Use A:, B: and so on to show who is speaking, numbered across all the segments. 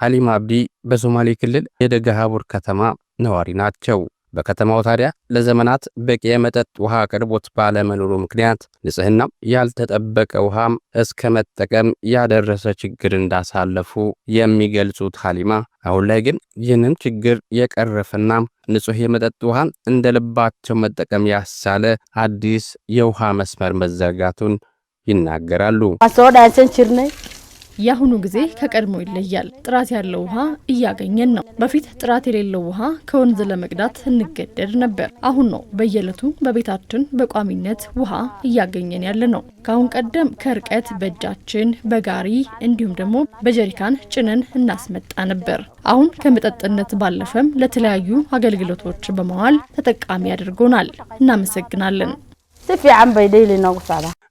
A: ሀሊማ አብዲ በሶማሌ ክልል የደገ ከተማ ነዋሪ ናቸው። በከተማው ታዲያ ለዘመናት በቂ የመጠጥ ውሃ አቅርቦት ባለመኖሩ ምክንያት ንጽህናም ያልተጠበቀ ውሃም እስከ መጠቀም ያደረሰ ችግር እንዳሳለፉ የሚገልጹት ሀሊማ አሁን ላይ ግን ይህንን ችግር የቀረፈና ንጹህ የመጠጥ ውሃን እንደ ልባቸው መጠቀም ያሳለ አዲስ የውሃ መስመር መዘርጋቱን ይናገራሉ።
B: የአሁኑ ጊዜ ከቀድሞ ይለያል። ጥራት ያለው ውሃ እያገኘን ነው። በፊት ጥራት የሌለው ውሃ ከወንዝ ለመቅዳት እንገደድ ነበር። አሁን ነው በየዕለቱ በቤታችን በቋሚነት ውሃ እያገኘን ያለ ነው። ከአሁን ቀደም ከርቀት በእጃችን በጋሪ እንዲሁም ደግሞ በጀሪካን ጭነን እናስመጣ ነበር። አሁን ከመጠጥነት ባለፈም ለተለያዩ አገልግሎቶች በመዋል ተጠቃሚ አድርጎናል። እናመሰግናለን።
C: si fiican bay dheyli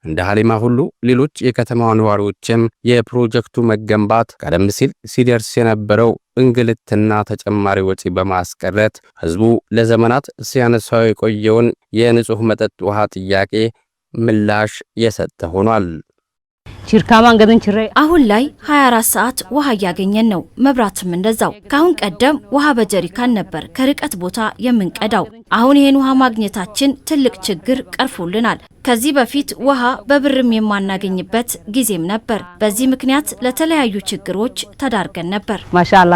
A: እንደ ሀሊማ ሁሉ ሌሎች የከተማዋ ነዋሪዎችም የፕሮጀክቱ መገንባት ቀደም ሲል ሲደርስ የነበረው እንግልትና ተጨማሪ ወጪ በማስቀረት ህዝቡ ለዘመናት ሲያነሳው የቆየውን የንጹሕ መጠጥ ውሃ ጥያቄ ምላሽ የሰጠ ሆኗል።
C: ቺርካማን ገደን ቺሬ
B: አሁን ላይ 24 ሰዓት ውሃ እያገኘን ነው። መብራትም እንደዛው። ከአሁን ቀደም ውሃ በጀሪካን ነበር ከርቀት ቦታ የምንቀዳው። አሁን ይህን ውሃ ማግኘታችን ትልቅ ችግር ቀርፎልናል። ከዚህ በፊት ውሃ በብርም የማናገኝበት ጊዜም ነበር። በዚህ ምክንያት ለተለያዩ ችግሮች ተዳርገን ነበር።
C: ማሻላ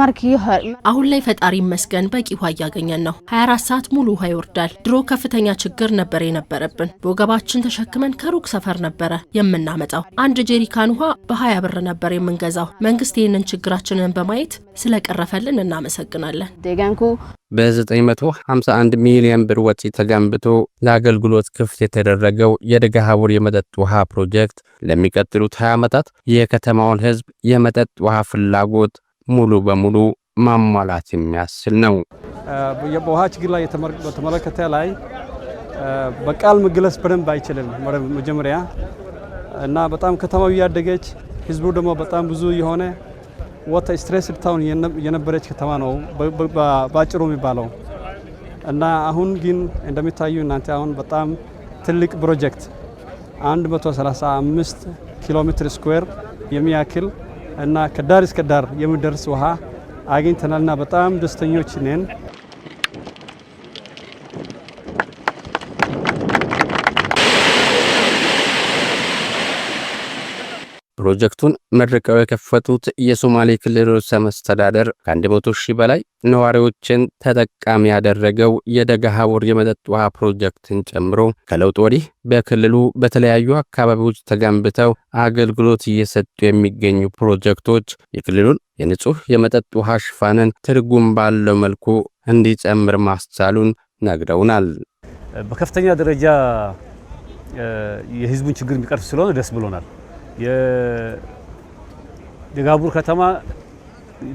C: አሁን
B: ላይ ፈጣሪ ይመስገን በቂ ውሃ እያገኘን ነው። 24 ሰዓት ሙሉ ውሃ ይወርዳል። ድሮ ከፍተኛ ችግር ነበር የነበረብን። በወገባችን ተሸክመን ከሩቅ ሰፈር ነበረ የምናመጣው። አንድ ጄሪካን ውሃ በሀያ ብር ነበር የምንገዛው። መንግስት ይህንን ችግራችንን በማየት ስለቀረፈልን እናመሰግናለን።
A: በ951 ሚሊዮን ብር ወጪ ተገንብቶ ለአገልግሎት ክፍት የተደረገው ሀቡር የመጠጥ ውሃ ፕሮጀክት ለሚቀጥሉት 20 ዓመታት የከተማውን ህዝብ የመጠጥ ውሃ ፍላጎት ሙሉ በሙሉ ማሟላት የሚያስችል ነው።
D: በውሃ ችግር ላይ በተመለከተ ላይ በቃል መግለጽ በደንብ አይችልም መጀመሪያ እና በጣም ከተማው እያደገች ህዝቡ ደግሞ በጣም ብዙ የሆነ ወታ ስትሬስድ ታውን የነበረች ከተማ ነው በአጭሩ የሚባለው እና አሁን ግን እንደሚታዩ እናንተ አሁን በጣም ትልቅ ፕሮጀክት 135 ኪሎ ሜትር ስኩዌር የሚያክል እና ከዳር እስከ ዳር የሚደርስ ውሃ አግኝተናልና በጣም ደስተኞች ነን።
A: ፕሮጀክቱን መርቀው የከፈቱት የሶማሌ ክልል ርዕሰ መስተዳደር ከ100 ሺህ በላይ ነዋሪዎችን ተጠቃሚ ያደረገው የደገሃቡር የመጠጥ ውሃ ፕሮጀክትን ጨምሮ ከለውጥ ወዲህ በክልሉ በተለያዩ አካባቢዎች ተገንብተው አገልግሎት እየሰጡ የሚገኙ ፕሮጀክቶች የክልሉን የንጹህ የመጠጥ ውሃ ሽፋንን ትርጉም ባለው መልኩ እንዲጨምር ማስቻሉን ነግረውናል።
D: በከፍተኛ ደረጃ የህዝቡን ችግር የሚቀርፍ ስለሆነ ደስ ብሎናል። የደጋቡር ከተማ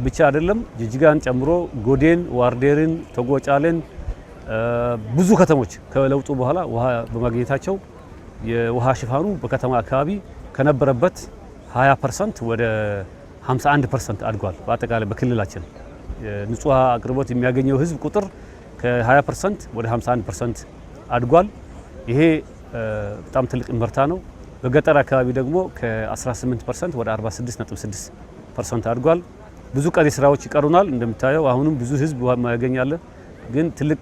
D: ብቻ አይደለም፣ ጅጅጋን ጨምሮ ጎዴን፣ ዋርዴርን፣ ተጎጫሌን ብዙ ከተሞች ከለውጡ በኋላ ውሃ በማግኘታቸው የውሃ ሽፋኑ በከተማ አካባቢ ከነበረበት 20 ፐርሰንት ወደ 51 ፐርሰንት አድጓል። በአጠቃላይ በክልላችን ንጹህ አቅርቦት የሚያገኘው ህዝብ ቁጥር ከ20 ፐርሰንት ወደ 51 ፐርሰንት አድጓል። ይሄ በጣም ትልቅ ምርታ ነው። በገጠር አካባቢ ደግሞ ከ18 ፐርሰንት ወደ 46.6 ፐርሰንት አድጓል። ብዙ ቀሪ ስራዎች ይቀሩናል። እንደምታየው አሁንም ብዙ ህዝብ ማያገኛለን፣ ግን ትልቅ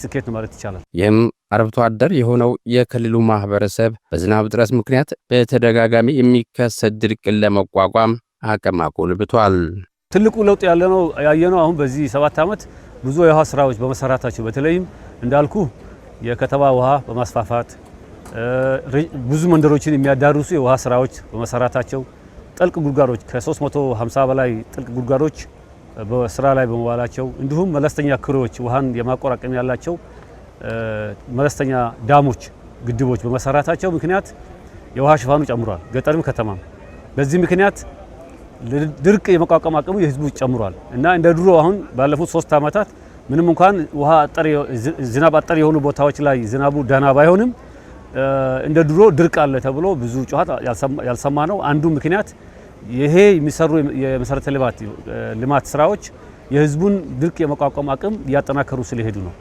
D: ስኬት ነው ማለት ይቻላል።
A: ይህም አርብቶ አደር የሆነው የክልሉ ማህበረሰብ በዝናብ እጥረት ምክንያት በተደጋጋሚ የሚከሰት ድርቅን ለመቋቋም አቅም አጎልብቷል።
D: ትልቁ ለውጥ ያለነው ያየነው አሁን በዚህ ሰባት ዓመት ብዙ የውሃ ስራዎች በመሰራታቸው በተለይም እንዳልኩ የከተማ ውሃ በማስፋፋት ብዙ መንደሮችን የሚያዳርሱ የውሃ ስራዎች በመሰራታቸው ጥልቅ ጉድጓዶች ከ350 በላይ ጥልቅ ጉድጓዶች በስራ ላይ በመዋላቸው እንዲሁም መለስተኛ ክሬዎች ውሃን የማቆራቀም ያላቸው መለስተኛ ዳሞች፣ ግድቦች በመሰራታቸው ምክንያት የውሃ ሽፋኑ ጨምሯል፣ ገጠርም ከተማም። በዚህ ምክንያት ድርቅ የመቋቋም አቅሙ የህዝቡ ጨምሯል እና እንደ ድሮ አሁን ባለፉት ሶስት ዓመታት ምንም እንኳን ውሃ ዝናብ አጠር የሆኑ ቦታዎች ላይ ዝናቡ ደህና ባይሆንም እንደ ድሮ ድርቅ አለ ተብሎ ብዙ ጨዋታ ያልሰማ ነው። አንዱ ምክንያት ይሄ የሚሰሩ የመሰረተ ልማት ስራዎች የህዝቡን ድርቅ የመቋቋም አቅም እያጠናከሩ ስለሄዱ ነው።